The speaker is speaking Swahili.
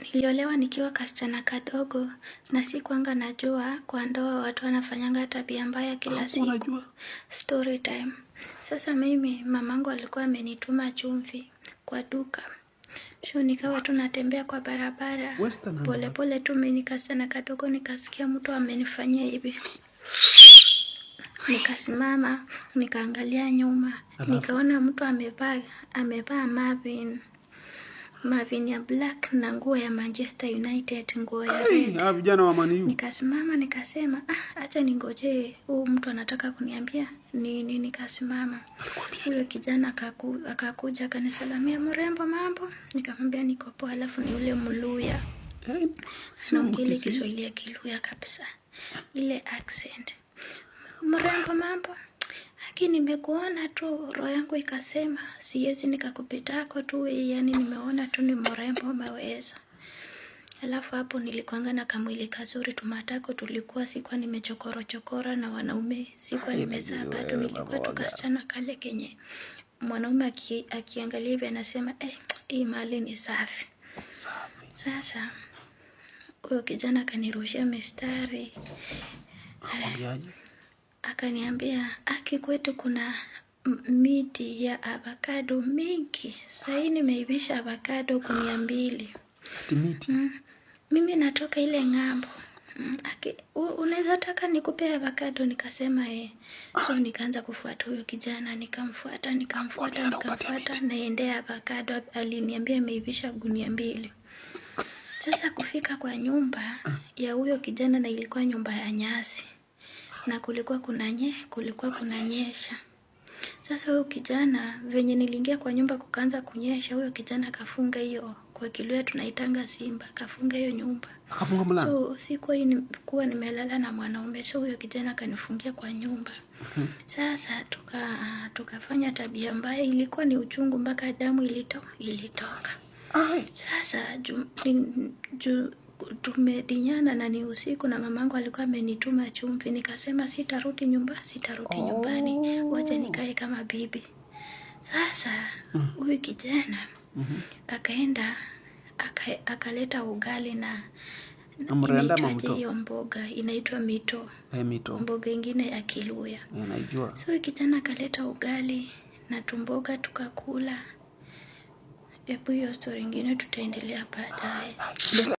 Niliolewa nikiwa kasichana kadogo na si kwanga najua kwa ndoa watu wanafanyanga tabia mbaya kila siku. Story time. Sasa mimi mamangu alikuwa amenituma chumvi kwa duka. Shu nikawa tu natembea kwa barabara. Pole pole tu mimi kasichana kadogo nikasikia mtu amenifanyia hivi. Nikasimama, nikaangalia nyuma, nikaona mtu amevaa amevaa Marvin. Marvin ya black na nguo ya Manchester United, nguo ya red. Ah, vijana wa Man U. Nikasimama nikasema, ah, acha ningoje huyu mtu anataka kuniambia nini. Nikasimama, yule kijana akaku, akakuja akanisalamia, mrembo, mambo. Nikamwambia niko poa, alafu ni yule mluya naongele Kiswahili ya kiluya kabisa, ile accent, mrembo, mambo lakini nimekuona tu, roho yangu ikasema siwezi nikakupita nikakupitako tu, yani nimeona tu ni mrembo umeweza. Alafu hapo nilikuanga na kamwili kazuri tumatako, tulikuwa sikuwa nimechokoro chokora na wanaume, sikuwa nimezaa bado, nilikuwa tu kasichana kale kenye mwanaume aki, akiangalia hivi anasema eh, hii mali ni safi. Safi. Sasa huyo kijana kanirushia mistari. Akamwambiaje? akaniambia aki, kwetu kuna miti ya avocado mingi, sahii nimeivisha avocado kunia mbili. Mm, mimi natoka ile ng'ambo. Mm, unaweza taka nikupe avocado? Nikasema eh. So nikaanza kufuata huyo kijana, nikamfuata nikamfuata nikamfuata, naendea avocado, aliniambia imeivisha gunia mbili. Sasa kufika kwa nyumba ah. ya huyo kijana, na ilikuwa nyumba ya nyasi na kulikuwa nye, kulikuwa kuna nyesha Sasa huyo kijana venye niliingia kwa nyumba kukaanza kunyesha, huyo kijana kafunga hiyo kwa Kilua tunaitanga simba, kafunga hiyo nyumba. kafunga mlango. So sikuwa kuwa nimelala na mwanaume, so huyo kijana kanifungia kwa nyumba. Mhm. Sasa tuka tukafanya tabia mbaya, ilikuwa ni uchungu mpaka damu ilito, ilitoka. Sasa tumedinyana na ni usiku, na mamangu alikuwa amenituma chumvi, nikasema sitarudi nyumba, sitarudi oh, nyumbani, wacha nikae kama bibi. Sasa huyu mm, kijana mm -hmm. akaenda akaleta aka ugali na hiyo mboga inaitwa mito. Hey, eh, mito mboga ingine ya Kiluya, yeah, So kijana akaleta ugali na tumboga tukakula Japo hiyo story ingine tutaendelea baadaye.